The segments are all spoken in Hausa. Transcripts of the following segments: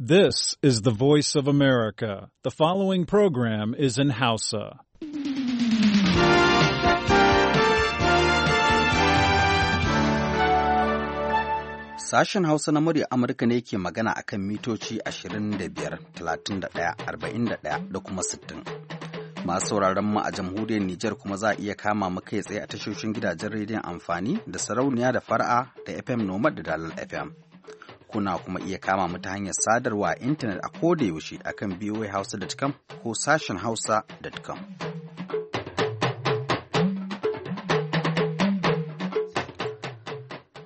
This is the voice of America. The following program is in Hausa. Sashen Hausa na murya Amurka ne ke magana a kan mitoci 25, 31, 41 da kuma 60. Masu sauraron mu a jamhuriyar Nijar kuma za a iya kama mu kai tsaye a tashoshin gidajen rediyon amfani da sarauniya da fara'a da FM Nomad da Dalal FM. kuna kuma iya kama mu ta hanyar sadarwa a intanet a yaushe akan voahausa.com ko sashen hausa.com.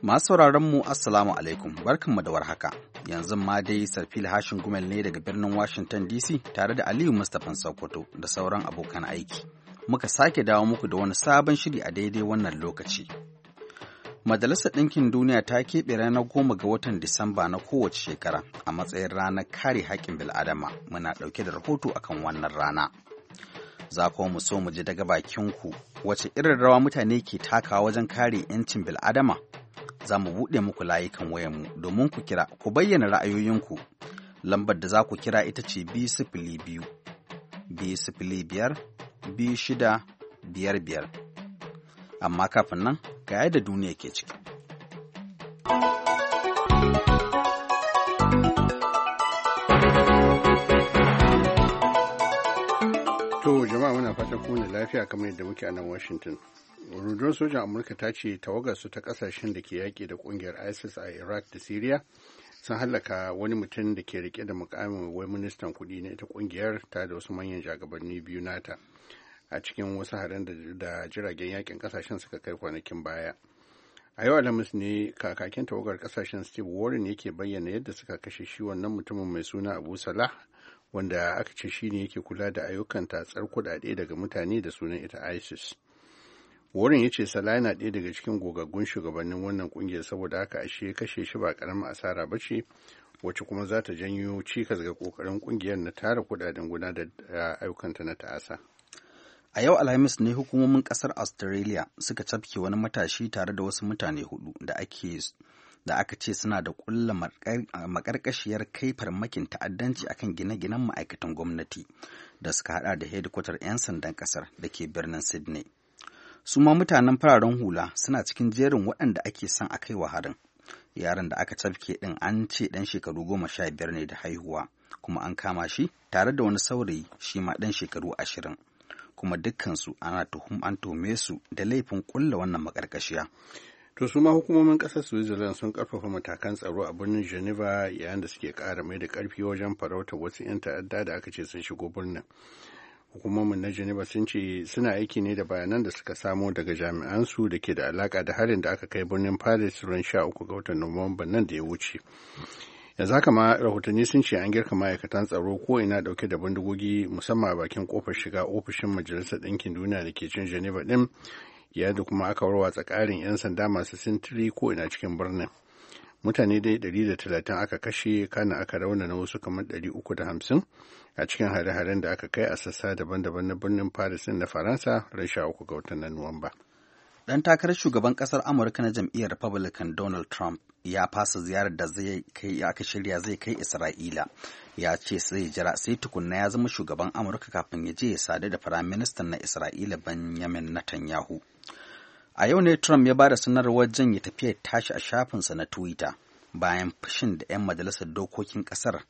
Masu sauraron mu Assalamu alaikum barkanmu da warhaka. Yanzu ma dai Sarfil Hashin Gumel ne daga birnin Washington DC tare da Aliyu Mustapha Sokoto da sauran abokan aiki. Muka sake dawo muku da wani sabon shiri a daidai wannan lokaci. Majalisar Ɗinkin Duniya ta keɓe ranar goma ga watan Disamba na kowace shekara a matsayin ranar kare haƙƙin bil'adama. Muna ɗauke da rahoto akan wannan rana. Za kuma mu so mu ji daga bakinku wace irin rawa mutane ke takawa wajen kare 'yancin bil'adama. Za mu buɗe muku layukan wayanmu domin ku kira ku bayyana ra'ayoyinku. Lambar da za ku kira ita ce biyu sifili biyu, biyu sifili biyar, biyu shida biyar biyar. amma kafin nan ga yadda duniya ke ciki. To jama'a muna fatan kuma lafiya kamar yadda muke a nan Washington. rundunar sojan amurka ta ce su ta kasashen da ke yaƙi da ƙungiyar isis a iraq da syria sun hallaka wani mutum da ke rike da mukamin wai ministan kuɗi na ita ƙungiyar ta da wasu manyan jagabanni biyu nata a cikin wasu harin da jiragen yakin kasashen suka kai kwanakin baya a yau alhamis ne kakakin tawagar kasashen steve warren yake bayyana yadda suka kashe shi wannan mutumin mai suna abu salah wanda aka ce shi ne yake kula da ayyukan tatsar kuɗaɗe daga mutane da sunan ita isis warren ya ce salah yana ɗaya daga cikin gogaggun shugabannin wannan ƙungiyar saboda haka ashe kashe shi ba ƙaramin asara ba ce wacce kuma za ta janyo cikas ga ƙoƙarin ƙungiyar na tara kuɗaɗen gudanar da eh, ayyukanta na ta'asa A yau Alhamis ne hukumomin ƙasar Australia suka cafke wani matashi tare da wasu mutane hudu da ake da aka ce suna da ƙulla makarkashiyar kai farmakin ta'addanci akan gine-ginen ma'aikatan gwamnati da suka hada da hedikwatar 'yan sandan ƙasar da ke birnin sydney su ma mutanen fararen hula suna cikin jerin waɗanda ake son a kai wa harin yaron da aka cafke ɗin an ce ɗan shekaru goma sha biyar ne da haihuwa kuma an kama shi tare da wani saurayi shi ma ɗan shekaru ashirin kuma dukkansu ana tuhum an tuhume su da laifin kulla wannan makarkashiya. To su hukumomin ƙasar Switzerland sun karfafa matakan tsaro a birnin Geneva yayin da suke ƙara mai da ƙarfi wajen farautar wasu 'yan ta'adda da aka ce sun shigo birnin. Hukumomin na Geneva sun ce suna aiki ne da bayanan da suka samo daga jami'ansu da ke da alaka da harin da aka kai birnin Paris ran uku ga watan Nuwamban nan da ya wuce. yanzu haka ma rahotanni sun ce an girka ma'aikatan tsaro ko ina dauke da bindigogi musamman a bakin kofar shiga ofishin majalisar ɗinkin duniya da ke cin geneva ɗin ya da kuma aka warwatsa tsakarin 'yan sanda masu sintiri ko ina cikin birnin mutane dai 130 aka kashe kana aka raunana wasu kamar 350 a cikin hare-haren da aka kai a sassa daban-daban na birnin paris na faransa ran uku ga watan nuwamba. Dan takarar shugaban ƙasar Amurka na jam'iyyar Republican Donald Trump ya fasa ziyarar da zai kai aka shirya zai kai Isra'ila. Ya ce sai jira sai tukunna ya zama shugaban Amurka kafin ya je ya sadu da Firaministan na Isra'ila Benjamin Netanyahu. A yau ne Trump ya ba da sanarwar janye tafiyar tashi a shafinsa na Twitter bayan fushin da 'yan majalisar dokokin ƙasar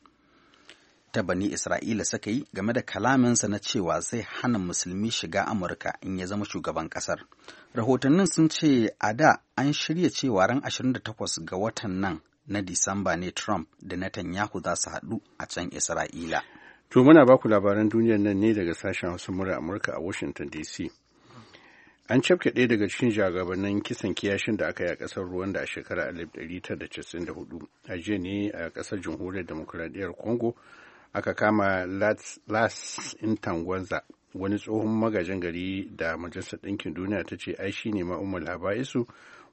ta bani Isra'ila suka yi game da kalaminsa na cewa zai hana musulmi shiga Amurka in ya zama shugaban ƙasar. Rahotannin sun ce a da an shirya cewa ran 28 ga watan nan na Disamba ne Trump da Netanyahu za su haɗu a can Isra'ila. To muna baku labaran duniyar nan ne daga sashen Hausa murar Amurka a Washington DC. An cafke ɗaya daga cikin jagabannin kisan kiyashin da aka yi a ƙasar da a shekarar 1994 a jiya ne a ƙasar Jamhuriyar Demokuraɗiyyar Congo aka kama las intangwanza wani tsohon magajin gari da majalisar ɗinkin duniya ta ce ai shi ne ma'umul haba'isu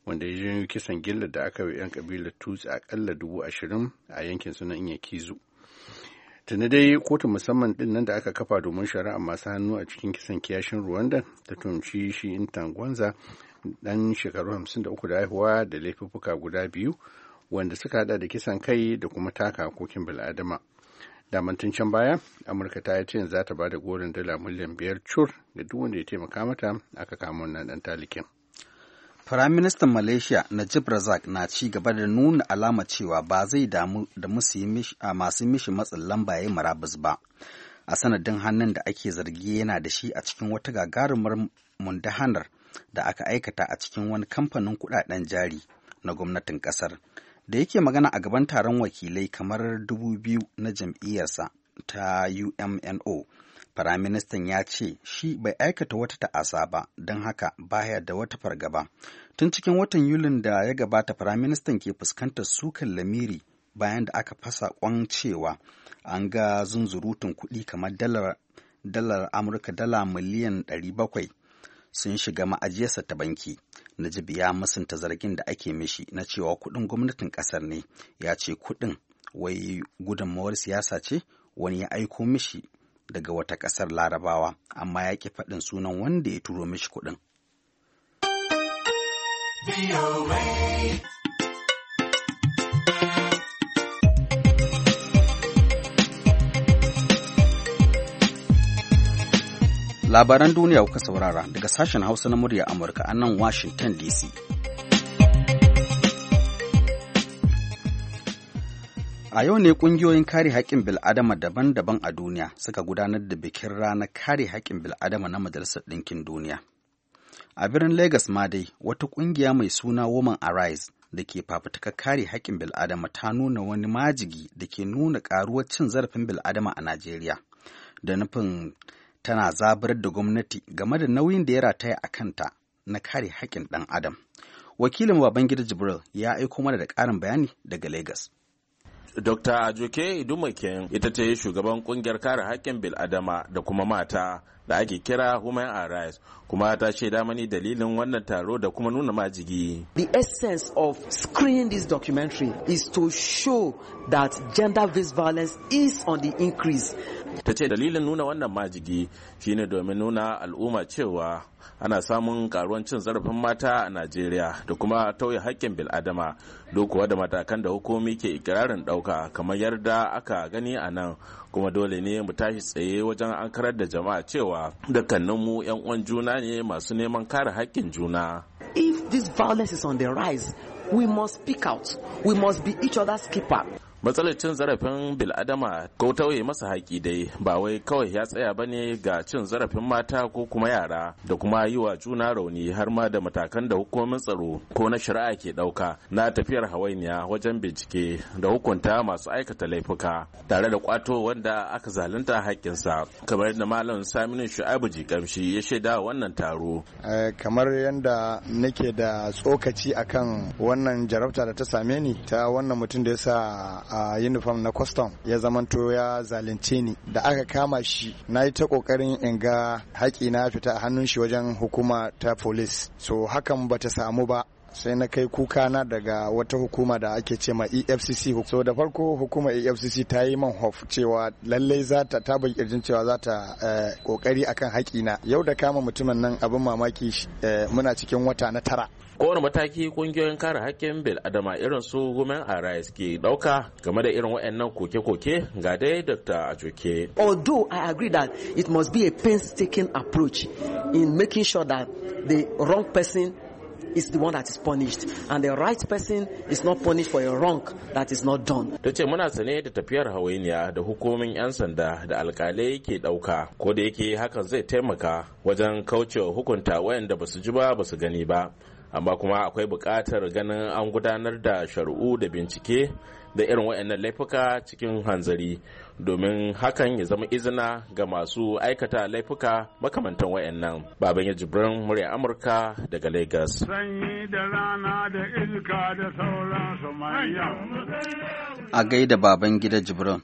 wanda ya janyo kisan gilla da aka yi 'yan kabilar tutsi kalla dubu ashirin a yankin sunan iya kizu tuni dai kotu musamman ɗin nan da aka kafa domin shari'a masu hannu a cikin kisan kiyashin rwanda ta tunci shi intangwanza dan shekaru hamsin da haihuwa da laifuffuka guda biyu wanda suka hada da kisan kai da kuma taka hakokin bil'adama da tun can baya amurka ta yi cin za ta ba da gorin dala miliyan biyar cur ga duk wanda ya taimaka mata aka kama wannan dan talikin Firaministan Malaysia Najib Razak na ci gaba da nuna alama cewa ba zai damu da masu mishi matsin lamba ya marabus ba. A sanadin hannun da ake zargi yana da shi a cikin wata gagarumar mundahanar da aka aikata a cikin wani kamfanin kudaden jari na gwamnatin kasar. da yake magana a gaban taron wakilai kamar dubu biyu na jam'iyyarsa ta umno Firaministan ya ce shi bai aikata wata ta'asa ba don haka baya da wata fargaba. Tun cikin watan Yulin da ya gabata Firaministan ke fuskantar sukan lamiri bayan da aka fasa kwan cewa an ga zunzurutun kuɗi kamar dalar Amurka dala miliyan 700 sun shiga ma'ajiyarsa ta banki. Najib ya musanta zargin da ake mishi na cewa kuɗin gwamnatin ƙasar ne, ya ce kuɗin wai gudunmawar siyasa ce wani ya aiko mishi daga wata ƙasar larabawa, amma ya ƙi faɗin sunan wanda ya turo mishi kuɗin. labaran duniya kuka saurara daga sashen hausa na murya amurka a nan washington dc a yau ne kungiyoyin kare haƙƙin bil'adama daban-daban a duniya suka gudanar da bikin ranar kare haƙƙin bil'adama na majalisar ɗinkin duniya a birnin lagos ma dai wata ƙungiya mai suna woman arise da ke fafutuka kare haƙƙin bil'adama ta nuna wani majigi da ke nuna ƙaruwar cin zarafin bil'adama a najeriya da nufin tana zabar da gwamnati game da nauyin da ya rataya a kanta na kare haƙƙin ɗan adam. Wakilin Babangida Jibril ya aiko mana da ƙarin bayani daga Legas. Dr. Ajoke Idumaken ita ce shugaban ƙungiyar kare haƙƙin bil'adama da kuma mata da ake kira Human Rights kuma ta ce mani dalilin wannan taro da kuma nuna majigi. The essence of screening this documentary is to show that gender-based violence is on the increase. Ta ce dalilin nuna wannan majigi shine domin nuna al'umma cewa ana samun karuwan cin zarafin mata a Najeriya da kuma tauye hakkin bil'adama dokuwa da matakan da hukumi ke ikirarin ɗauka kamar yarda aka gani a nan kuma dole ne mu tashi tsaye wajen ankarar da jama'a cewa cewa dukkanin mu yan uwan juna ne masu neman kare haƙƙin juna if this violence is on the rise we must speak out we must be each other's keeper matsalar cin zarafin biladama ko tauye masa haƙi dai ba wai kawai ya tsaya ba ne ga cin zarafin mata ko kuma yara da kuma yi wa juna rauni har ma da matakan da hukumomin tsaro ko na shari'a ke ɗauka na tafiyar hawainiya wajen bincike da hukunta masu aikata laifuka tare da kwato wanda aka zalunta haƙƙinsa kamar yadda malam saminu shu'abu jikamshi ya shaida wannan taro eh, kamar yadda nake da tsokaci akan wannan jarabta da ta same ni ta wannan mutum da ya sa a uniform na custom ya zamanto ya zalunce ni da aka kama shi na yi ta kokarin in ga haƙi na fita a hannun shi wajen hukuma ta police so hakan bata samu ba sai na kai kuka na daga wata hukuma da ake ce ma efcc so da farko hukuma efcc ta yi man hof cewa lallai za ta ta kirjin cewa za ta eh, kokari akan na. yau da kama mutumin nan abin mamaki eh, muna cikin wata na tara kowane mataki kungiyoyin kare haƙƙin bil adama irin su women rights ke ɗauka game da irin waɗannan koke-koke ga dai dr ajoke although i agree that it must be a painstaking approach in making sure that the wrong person is the one that is punished and the right person is not punished for a wrong that is not done. Ta ce muna sane da tafiyar hawainiya da hukumomin 'yan sanda da alkalai ke ɗauka ko da yake hakan zai taimaka wajen kaucewa hukunta wayanda basu ji ba basu gani ba. amma kuma akwai buƙatar ganin an gudanar da shari'u da bincike da irin wayannan laifuka cikin hanzari domin hakan ya zama izina ga masu aikata laifuka makamantan wayannan baban ya jibrin murya amurka daga lagos da da a gaida baban gida jibrin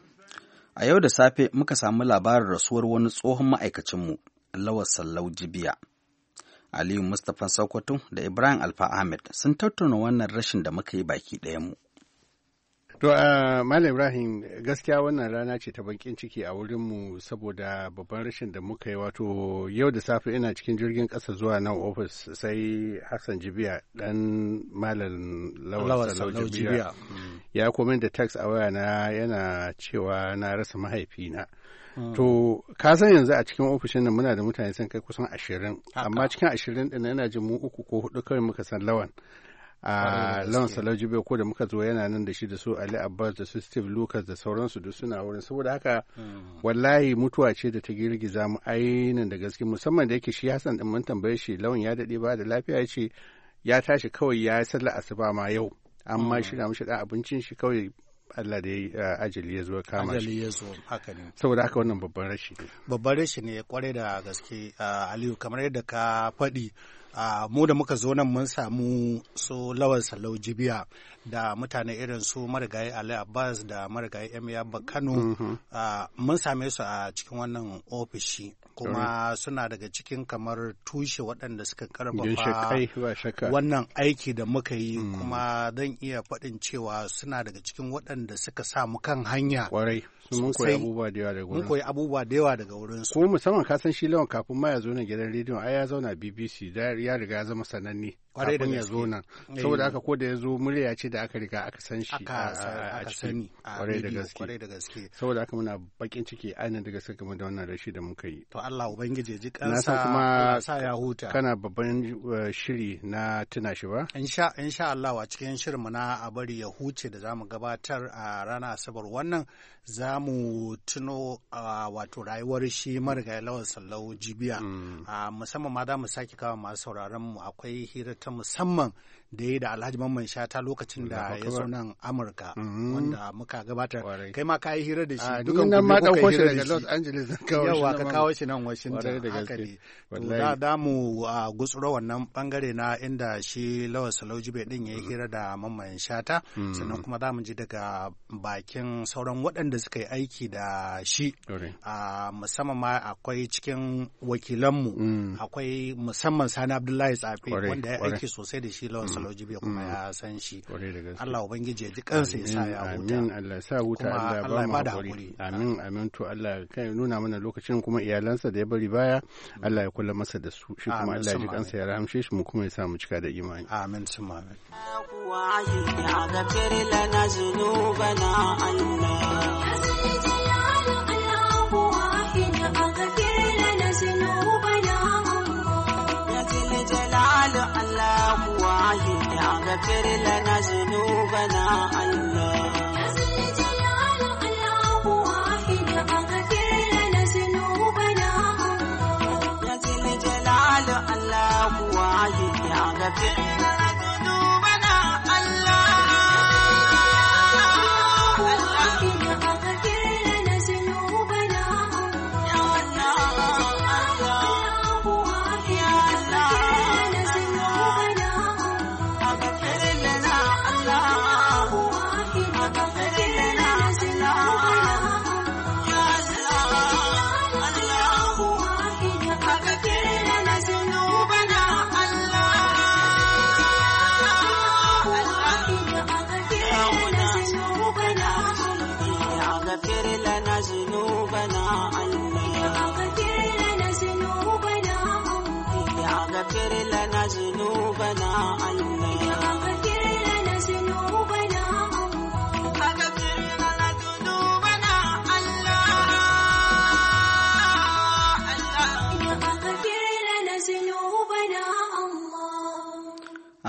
a yau da safe muka samu labarin rasuwar wani tsohon ma'aikacinmu lawar sallau jibiya aliyu mustapha sokoto da ibrahim alfa ahmed sun tattauna wannan rashin da muka yi baki ɗayanmu To Malam Ibrahim gaskiya wannan rana ce ta bankin ciki a wurinmu saboda babban rashin da muka yi wato yau da safe ina cikin jirgin ƙasa zuwa nan ofis sai Hassan Jibiya dan Malam Lawal Jibiya ya komi da tax a waya na yana cewa na rasa mahaifina. Hmm. To ka san yanzu a cikin ofishin nan muna da mutane sun kai kusan ashirin amma cikin ashirin ɗin yana jin mu uku ko huɗu kawai muka san lawan. a lansa lajibe ko da muka zo yana nan da shi da su ali abbas da su steve lucas da sauransu duk suna wurin saboda haka hmm. wallahi mutuwa ce da ta girgiza mu ainihin da gaske musamman da yake shi hassan din mun tambaye shi lawan ya daɗe ba da lafiya ce ya tashi kawai ya sallar asuba ma yau amma hmm. shi shirya mushi da abincin shi kawai Allah da ya eh, ajali ya zo kama shi. Ajali ya zo haka ne. Saboda haka wannan babban rashi ne. Babban rashi ne kwarai da gaske eh, Aliyu kamar yadda ka faɗi mu da muka zo nan mun samu su Lawan salau jibiya da mutane irin su marigayi ali abbas da marigayi emir kano mm-hmm. mun same su a cikin wannan ofishi kuma suna daga cikin kamar tushe waɗanda suka karfafa wannan aiki da muka yi mm. kuma zan iya faɗin cewa suna daga cikin waɗanda suka samu kan hanya mun koyi abubuwa da yawa daga wurin su. koyi musamman ka san shi lawan kafin ma ya zo na gidan rediyon ai ya zauna BBC da ya riga ya zama sananne kwarai da zo nan saboda eh. haka ko da ya zo murya ce da aka riga aka san shi a sani kwarai da gaske saboda haka muna bakin ciki ainihin da gaske game da wannan rashi da muka yi to Allah ubangiji ji kansa kuma sa ya huta kana babban eh, shiri na tuna shi ba insha insha Allah a cikin shirin mu na a bari ya huce da zamu gabatar a ranar asabar wannan zamu tuno wato rayuwar shi marigayi lawan sallau jibiya mm. musamman ma za mu sake kawo masu sauraron mu akwai hirar ta musamman da ya da alhaji mamman shata lokacin da ya zo nan amurka mm-hmm. wanda muka gabatar kai ma ka yi hira da shi ah, ka yi hira da shi daga los angeles na yawa ka kawo shi nan washington haka ne to da mu ah, gutsuro wannan bangare na inda shi salauji bai din ya yi mm-hmm. hira da mamman shata mm-hmm. sannan kuma za mu ji daga bakin sauran waɗanda suka yi aiki da shi ah, musamman ma akwai cikin wakilanmu mm. akwai musamman sani abdullahi tsafi wanda ya aiki sosai da shi lawan Saloji bai kuma mm. ya san shi Allah ubangiji ya ji kansa ya sa ya huta amin Allah sa huta Allah ba da hakuri amin amin to Allah kai nuna mana lokacin kuma iyalansa da ya bari baya mm. Allah ya kula masa da su shi kuma Allah ya ji kansa ya rahamshe shi mu kuma ya sa mu cika da imani amin sun amin ya gafir lana zunubana Allah فاغفر لنا ذنوبنا الله Yeah.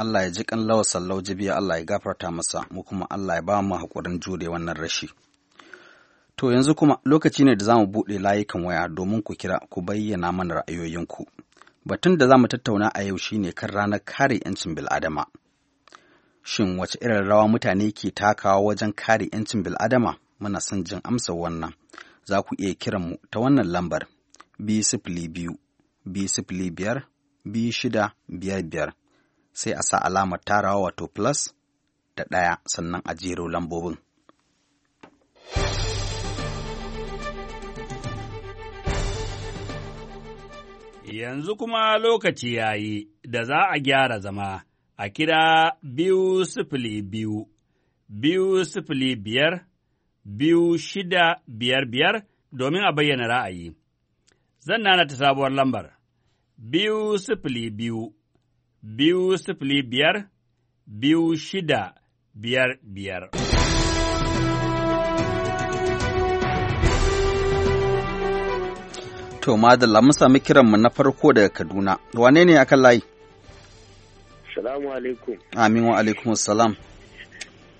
Allah ya ji kan lawasan sallau jibiya Allah ya gafarta masa mu kuma Allah ya ba mu haƙurin jure wannan rashi. To yanzu kuma lokaci ne da za mu buɗe layukan waya domin ku kira ku bayyana mana ra'ayoyinku. Batun da za mu tattauna a yau shine kan ranar kare 'yancin bil'adama. Shin wace irin rawa mutane ke takawa wajen kare 'yancin bil'adama? Muna son jin amsa wannan. Za ku iya mu ta wannan lambar. biyu sifili biyu, biyu biyar, biyu shida biyar biyar. sai a sa alamar tarawa wato plus da ɗaya sannan a jero lambobin. Yanzu kuma lokaci ya yi da za a gyara zama a kira biyu sifili biyu, biyu sifili biyar, biyu shida biyar biyar domin a bayyana ra'ayi. Zan nana ta sabuwar lambar, biyu sifili biyu. biyu sifili biyar biyu shida biyar biyar. To madalla lamun sami kiranmu na farko daga Kaduna. Wane ne akan layi? Salamu alaikum. Amin wa alaikum salam.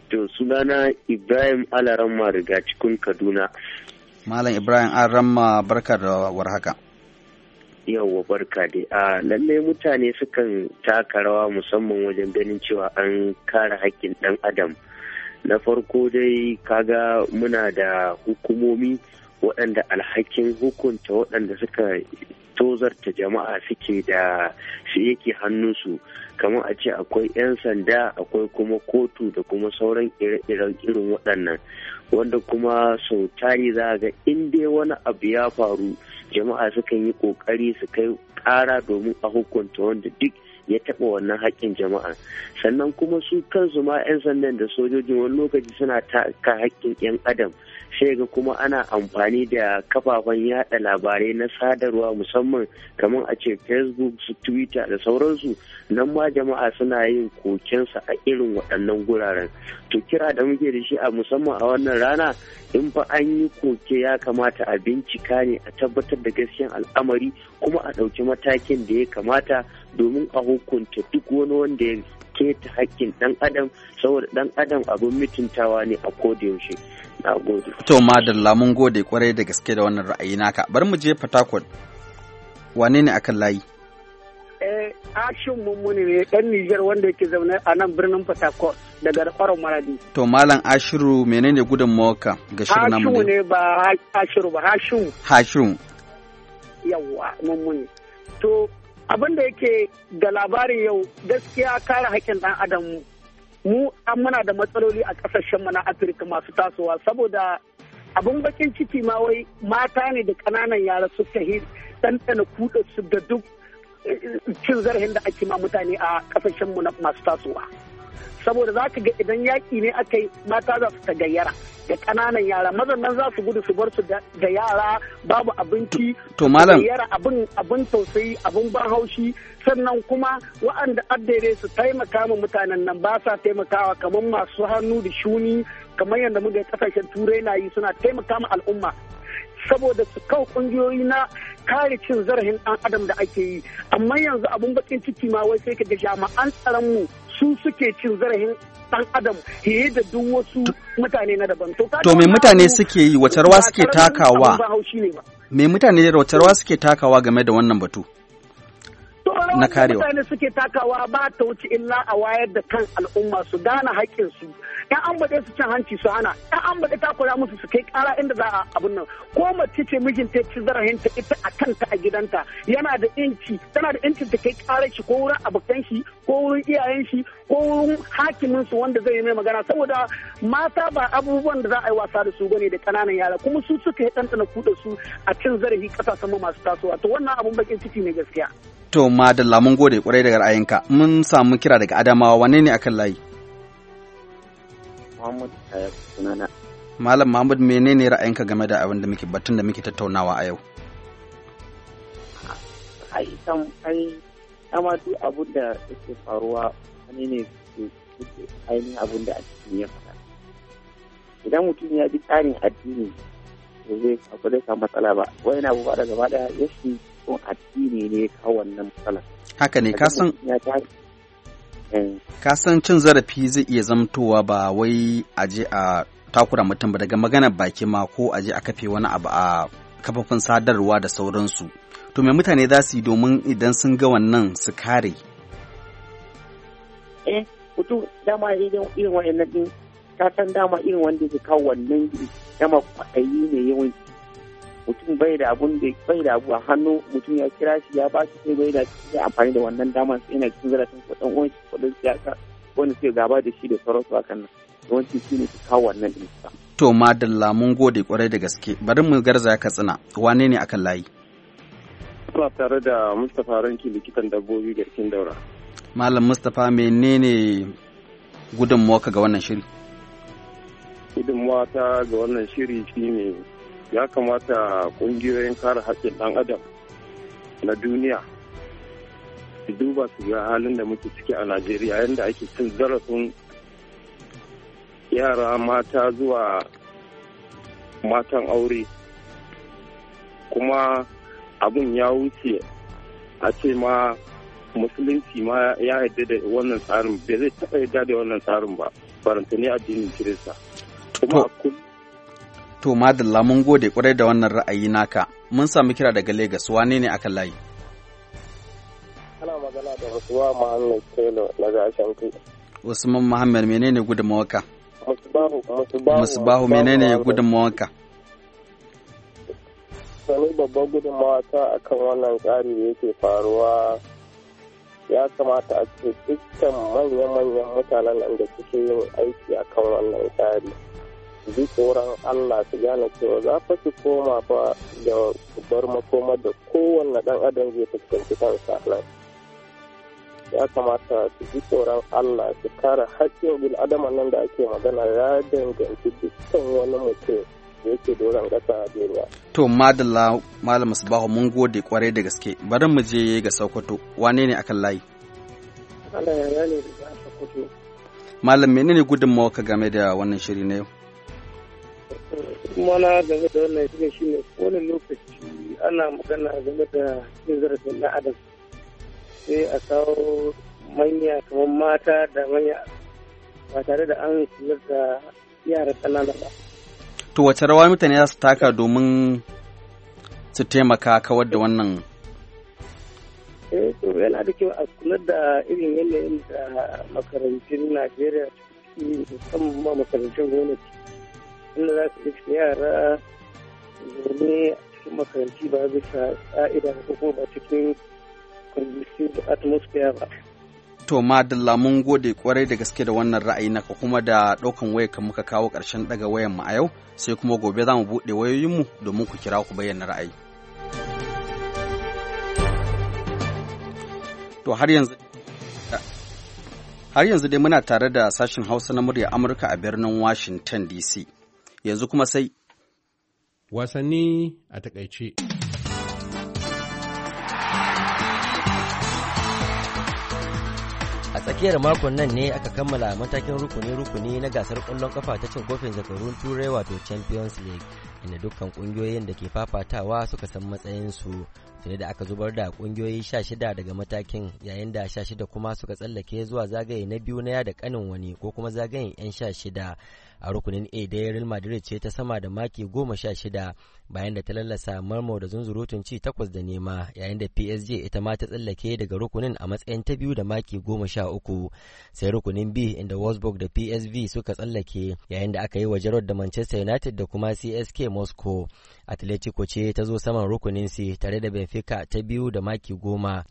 To sunana Ibrahim Alaramma daga cikin Kaduna. Malam Ibrahim Alaramma barka da warhaka. yauwa barka dai a lallai mutane sukan taka rawa musamman wajen ganin cewa an kare haƙƙin ɗan adam na farko dai kaga muna da hukumomi waɗanda alhakin hukunta waɗanda suka tozarta jama'a suke da su yake hannunsu kamar a ce akwai 'yan sanda akwai kuma kotu da kuma sauran ire irin waɗannan wanda kuma sau tari za ga in dai wani abu ya faru jama'a sukan yi kokari su kai kara domin a hukunta wanda duk ya taɓa wannan haƙƙin jama'a sannan kuma su kansu ma 'yan sandan da sojojin wani lokaci suna taka haƙƙin 'yan adam sai ga kuma ana amfani da kafafen yada labarai na sadarwa musamman kamar a ce facebook su twitter da sauransu nan ma jama'a suna yin kokensa a irin waɗannan guraren to kira da muke da shi a musamman a wannan rana in fa an yi koke ya kamata a bincika ne a tabbatar da gaskiyan al'amari kuma a ɗauki matakin da ya kamata domin a hukunta duk wani wanda ya keta hakkin dan adam saboda dan adam abin mutuntawa ne a yaushe na gode to madalla mun gode kwarai da gaske da wannan ra'ayi naka bar mu je fatakwal wane ne akan layi eh action mummuni ne dan Nijar wanda yake zaune a nan birnin Fatakot daga kwaron Maradi. To Malam Ashiru menene gudun mawaka ga shirin namu ne? ba Ashiru ba hashu hashu Yawwa mummuni. To abin da yake da labarin yau gaskiya kare haƙƙin ɗan adam mu an muna da matsaloli a mu na afirka masu tasowa saboda abin bakin ciki ma wai mata ne da ƙananan yara suka yi ɗanɗana kuɗa su da duk eh, cin zarafin da ake ma mutane a na masu tasowa. saboda za ka ga idan yaƙi ne aka yi mata za su tagayyara da ƙananan yara mazan nan za su gudu su bar su da yara babu abinci to malam abin abin tausayi abin ban haushi sannan kuma wa'anda addare su taimaka ma mutanen nan ba sa taimakawa kamar masu hannu da shuni kamar yadda muka kasashen turai na yi suna taimaka ma al'umma saboda su kawo kungiyoyi na kare cin zarafin dan adam da ake yi amma yanzu abun bakin ciki ma wai sai ka ga jami'an tsaron mu su suke cin zarafin dan adam fiye da duk wasu mutane na daban to me mutane suke yi wace rawa suke takawa me mutane da wace rawa suke takawa game da wannan batu na karewa mutane suke takawa ba ta wuce illa a wayar da kan al'umma su gane haƙƙin su yan an baɗe su cin hanci su hana yan an baɗe takura musu su kai ƙara inda za a abun nan ko mace ce mijin ta ci zarahinta ita a kanta a gidanta yana da inci tana da inci ta kai ƙarar shi ko wurin abokan shi ko wurin iyayen shi ko wurin hakimin su wanda zai yi mai magana saboda mata ba abubuwan da za a yi wasa da su bane da ƙananan yara kuma su suka yi ɗanɗana kuɗa su a cin zarafi ƙasashen masu tasowa to wannan abun bakin ciki ne gaskiya. To madalla mun gode kwarai da ra'ayinka mun samu kira daga Adamawa wanne ne akan layi? Muhammad Tayar eh, sunana. Malam Mahmud menene ra'ayinka game da abin da muke batun da muke tattaunawa a yau? Ai san ai amma duk abin da yake faruwa wani ne ke ainihin abin da a cikin ya faɗa. Idan mutum ya bi tsarin addini to zai akwai samu matsala ba Wai na ba da gaba ɗaya ya shi addini ne kawo wannan matsala. Haka ne ka san. ka san cin zarafi zai iya zamtowa ba wai a je a takura mutum ba daga maganar baki ma ko a je a kafe wani abu a kafafin sadarwa da sauransu to me mutane za su yi domin idan sun ga wannan su kare eh mutum dama irin irin ka san dama irin wanda ke kawo wannan dama kwaɗayi ne yawanci mutum bai da abun da bai da abu a hannu mutum ya kira shi ya ba shi sai bai da ya amfani da wannan damar sai yana cikin zarafin kuɗin uwan shi kuɗin siyasa wanda sai gaba da shi da sauransu a kan nan yawanci shi ne su kawo wannan ɗin. To madalla mun gode kwarai da gaske bari mu garza ya katsina wane ne akan layi? Suna tare da Mustapha Ranki likitan dabbobi cikin daura. Malam Mustapha menene gudunmuwa ga wannan shiri? Gudunmuwa ta ga wannan shiri shine ya kamata kungiyoyin kare haƙƙin ɗan adam na duniya su duba su ga halin da muke ciki a najeriya yadda ake cin zarafin yara mata zuwa matan aure kuma abin ya wuce a ce ma musulunci ma ya yarda da wannan tsarin bai zai taɓa yarda da wannan tsarin ba farantani addinin kirista kuma to madalla mun gode kwarai da wannan ra'ayi naka. Mun sami kira daga Legas wane ne aka layi? Ana magana da Usman Muhammad menene gudunmawarka? Musbahu Musbahu menene gudunmawarka? Sani babban gudunmawa ta akan wannan tsari da yake faruwa ya kamata a ce dukkan manya-manyan mutanen da suke yin aiki akan wannan tsari. su ji tsoron Allah su gane cewa za fa su koma fa da bar makoma da kowanne ɗan adam zai fuskanci kansa nan ya kamata su ji tsoron Allah su kare haƙƙin bil adama nan da ake magana ya danganci dukkan wani mutum da yake doron ƙasa a duniya. To madalla malam Musbahu mun gode kwarai da gaske bari mu je ga Sokoto wane ne akan layi? Allah ya ne da Sokoto. Malam menene gudunmawa ka game da wannan shiri na yau? mana game da wannan shirin shi ne wani lokaci ana magana game da cin zarafin na adam sai a kawo manya kamar mata da manya ba tare da an kula da yara kanana ba. To wace rawa mutane za su taka domin su taimaka kawar da wannan? Eh to yana da kyau a kula da irin yanayin da makarantun Najeriya musamman makarantun gwamnati inda za su iske yara zaune a cikin makaranti ba bisa ƙa'ida ko kuma ba cikin conducive atmosphere ba. To Madalla mun gode kwarai da gaske da wannan ra'ayi naka kuma da ɗaukan wayar kan muka kawo ƙarshen ɗaga wayan mu a yau sai kuma gobe za mu buɗe wayoyinmu domin ku kira ku bayyana ra'ayi. To har yanzu Har yanzu dai muna tare da sashen Hausa na murya Amurka a birnin Washington DC. yanzu kuma sai wasanni a takaice. a tsakiyar makon nan ne aka kammala matakin rukuni-rukuni na gasar ƙwallon ƙafa ta cin kofin zakarun turai wato champions league inda dukkan kungiyoyin da ke fafatawa suka san matsayinsu tuni da aka zubar da kungiyoyi 16 daga matakin yayin da 16 kuma suka tsallake zuwa zagaye na biyu na yada kanin wani ko kuma zagayen 'yan 16 a rukunin a da real madrid ce ta sama da maki goma 16 bayan da ta lallasa marmo da zunzurutun ci takwas da nema yayin da psg ita ma ta tsallake daga rukunin a matsayin ta biyu da maki sha uku sai rukunin b inda wolfsburg da psv suka tsallake yayin da aka yi wa jarod da manchester united da kuma csk moscow atletico ce ta zo saman rukunin c tare da benfica afirka ta biyu da maki goma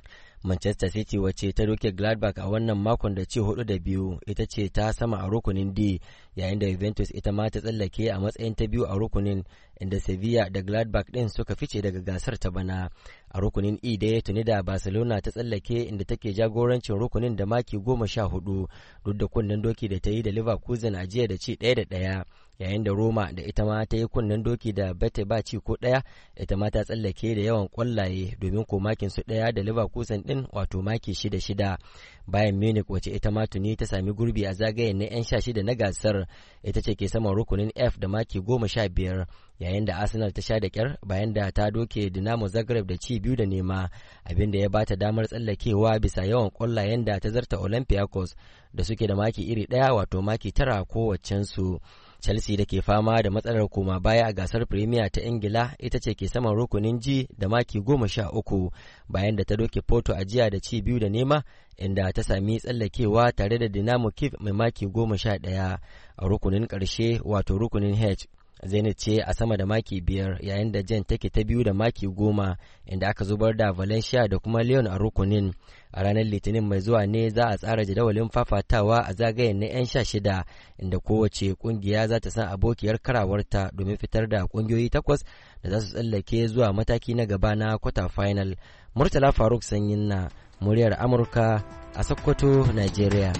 manchester city wace ta doke gladbach a wannan makon da ci hudu da biyu ita ce ta sama a rukunin d yayin da juventus ita ma ta tsallake a matsayin ta biyu a rukunin inda sevilla da gladbach din suka fice daga gasar ta bana a rukunin e da ya tuni da barcelona ta tsallake inda take jagorancin rukunin da maki goma sha hudu duk da kunnen doki da ta yi da leverkusen a jiya da ci ɗaya da ɗaya yayin da Roma da ita ma ta yi kunnen doki da Bete ba ci ko ɗaya ita ma ta tsallake da yawan kwallaye domin ko makin su ɗaya da liverpool ɗin wato maki shida shida bayan Munich wace ita ma tuni ta sami gurbi a zagayen na 'yan sha shida na gasar ita ce ke saman rukunin F da maki goma sha biyar yayin da Arsenal ta sha da kyar bayan da ta doke Dinamo Zagreb da ci biyu da nema abin da ya bata damar tsallakewa bisa yawan ƙwallayen da ta zarta Olympiacos da suke da maki iri ɗaya wato maki tara kowacensu. su. Chelsea da ke fama da matsalar koma baya a gasar Premier ta Ingila ita ce ke saman rukunin ji da maki goma sha uku bayan da ta doke Porto a jiya da ci biyu da nema inda ta sami tsallakewa tare da Dinamo Kiev mai maki goma sha ɗaya a rukunin ƙarshe wato rukunin H zainab ce a sama da maki biyar yayin da jan take ta biyu da maki goma inda aka zubar da Valencia da kuma Leon a rukunin. A ranar Litinin mai zuwa ne za a tsara jadawalin fafatawa a zagayen na 'yan sha shida inda kowace kungiya za ta san abokiyar karawarta domin fitar da kungiyoyi takwas da za su tsallake zuwa mataki na gaba na kwata final. Murtala Faruk Sanyin na muryar Amurka a Sokoto, Nigeria.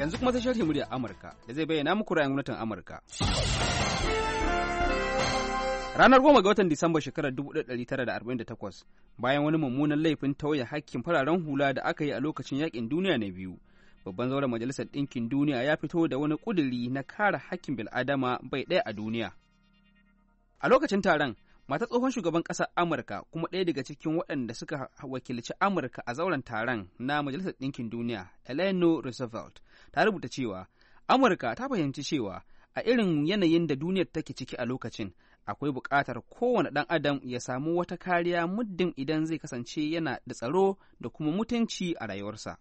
Yanzu kuma sai sharhi muryar Amurka da zai bayyana muku ra'ayin gwamnatin Amurka. Ranar goma ga watan Disamba shekarar 1948 bayan wani mummunan laifin tauye hakkin fararen hula da aka yi a lokacin yakin duniya na biyu. Babban zauren Majalisar Ɗinkin Duniya ya fito da wani ƙuduri na kare hakkin bil'adama bai ɗaya a duniya. A lokacin taron, mata tsohon shugaban ƙasar amurka kuma ɗaya daga cikin waɗanda suka wakilci amurka a zauren taron na majalisar ɗinkin duniya eleno roosevelt ta rubuta cewa Amurka ta fahimci cewa a irin yanayin da duniyar take ciki a lokacin akwai buƙatar kowane ɗan adam ya samu wata kariya muddin idan zai kasance yana da tsaro da kuma mutunci a rayuwarsa.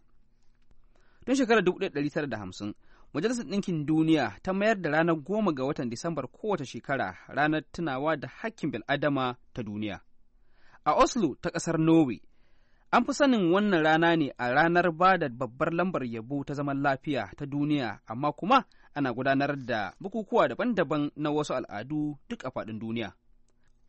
Tun shekarar 1950, Majalisar Ɗinkin Duniya ta mayar da ranar goma ga watan Disambar kowace shekara ranar tunawa da hakkin bil'adama ta duniya. A Oslo ta ƙasar Norway, An fi sanin wannan rana ne a ranar ba da babbar lambar yabo ta zaman lafiya ta duniya, amma kuma ana gudanar da bukukuwa daban-daban na wasu al'adu duk a faɗin duniya.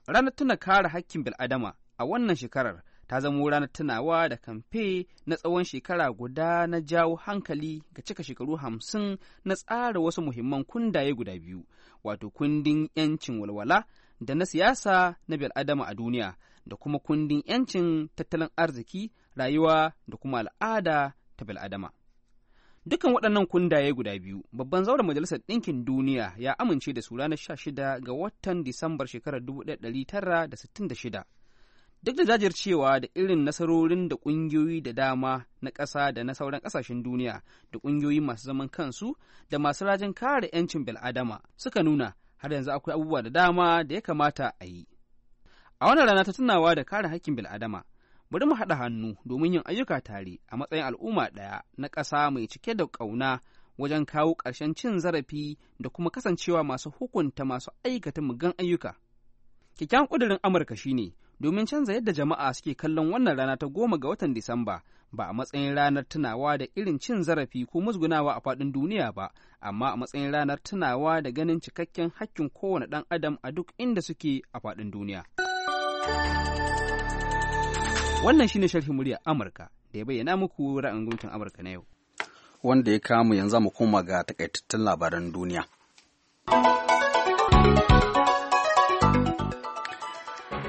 Ranar tuna kare hakkin bil'adama a wannan shekarar ta zamo ranar tunawa da kamfe na tsawon shekara guda na jawo hankali ga cika shekaru hamsin na tsara wasu muhimman kundaye guda biyu, wato kundin 'yancin walwala da na siyasa na bil'adama a duniya da kuma kundin 'yancin tattalin arziki rayuwa da kuma al'ada ta bil'adama. Dukan waɗannan kundaye guda biyu, babban zauren Majalisar Ɗinkin Duniya ya amince da su ranar 16 ga watan Disambar shekarar da da sittin shida Duk da jajircewa da irin nasarorin da ƙungiyoyi da dama na ƙasa da na sauran ƙasashen duniya da ƙungiyoyi masu zaman kansu da masu rajin kare 'yancin bil'adama suka nuna har yanzu akwai abubuwa da dama da ya kamata a yi. A wannan rana ta tunawa da kare hakkin bil'adama, bari mu haɗa hannu domin yin ayyuka tare a matsayin al'umma ɗaya na ƙasa mai cike da ƙauna wajen kawo ƙarshen cin zarafi da kuma kasancewa masu hukunta masu aikata mugan ayyuka. Kyakkyawan ƙudurin Amurka shine domin canza yadda jama'a suke kallon wannan rana ta goma ga watan Disamba ba a matsayin ranar tunawa da irin cin zarafi ko musgunawa a faɗin duniya ba, amma a matsayin ranar tunawa da ganin cikakken hakkin kowane ɗan adam a duk inda suke a faɗin duniya. Wannan shine sharhin murya Amurka da ya bayyana muku ra'ayin gwamnatin Amurka na yau. Wanda ya kama yanzu mu koma ga takaitattun labaran duniya.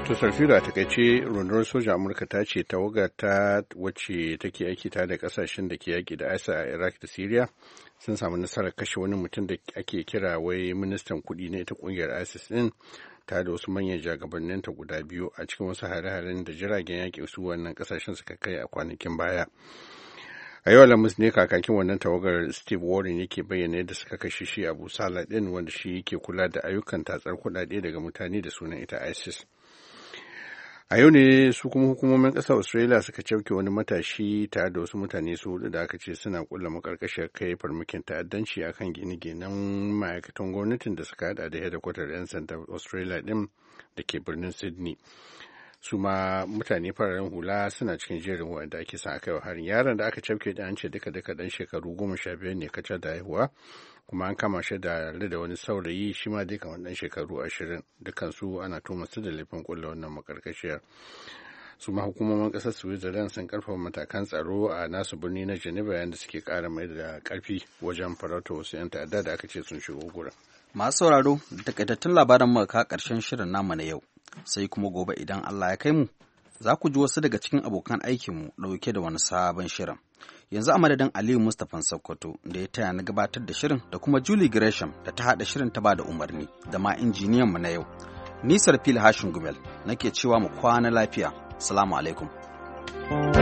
To Sarfira ta kace rundunar soja Amurka ta ce tawaga ta wacce take aiki ta da kasashen da ke yaki da ISIS a Iraq da Syria sun samu nasarar kashe wani mutum da ake kira wai ministan kuɗi na ita kungiyar ISIS din ta da wasu manyan jagabanninta guda biyu a cikin wasu hare-haren da jiragen yakin su wannan kasashen suka kai a kwanakin baya. a yau alhamis ne kakakin wannan tawagar steve warren yake bayyana yadda suka kashe shi abu sala din wanda shi yake kula da ayyukan tatsar kuɗaɗe daga mutane da sunan ita isis a yau ne su kuma hukumomin ƙasar australia suka cauke wani matashi tare da wasu mutane su hudu da aka ce suna kulla makarkashar kai farmakin ta'addanci a kan gine-ginen ma'aikatan gwamnatin da suka hada da hedikwatar 'yan sanda australia din da ke birnin sydney su ma mutane fararen hula suna cikin jerin wanda ake sa aka harin yaron da aka cafke da an ce duka duka dan shekaru goma sha biyar ne kacal da haihuwa kuma an kama shi da da wani saurayi shi ma dai kamar dan shekaru ashirin dukansu ana tuma su da laifin kulla wannan makarkashiyar su ma hukumomin kasar switzerland sun karfafa matakan tsaro a nasu birni na geneva yadda suke ƙara mai da ƙarfi wajen farauta wasu 'yan ta'adda da aka ce sun shigo gurin masu sauraro da takaitattun labaran muka karshen shirin namu na yau sai kuma gobe idan Allah ya kai mu za ku ji wasu daga cikin abokan aikinmu ɗauke da wani sabon shirin. Yanzu a madadin Aliyu Mustapha Sokoto da ya taya na gabatar da shirin da kuma Julie Gresham da ta haɗa shirin ta ba da umarni da ma injiniyan mu na yau. Nisar Fil Hashin Gumel nake cewa mu kwana lafiya. Salamu alaikum. thank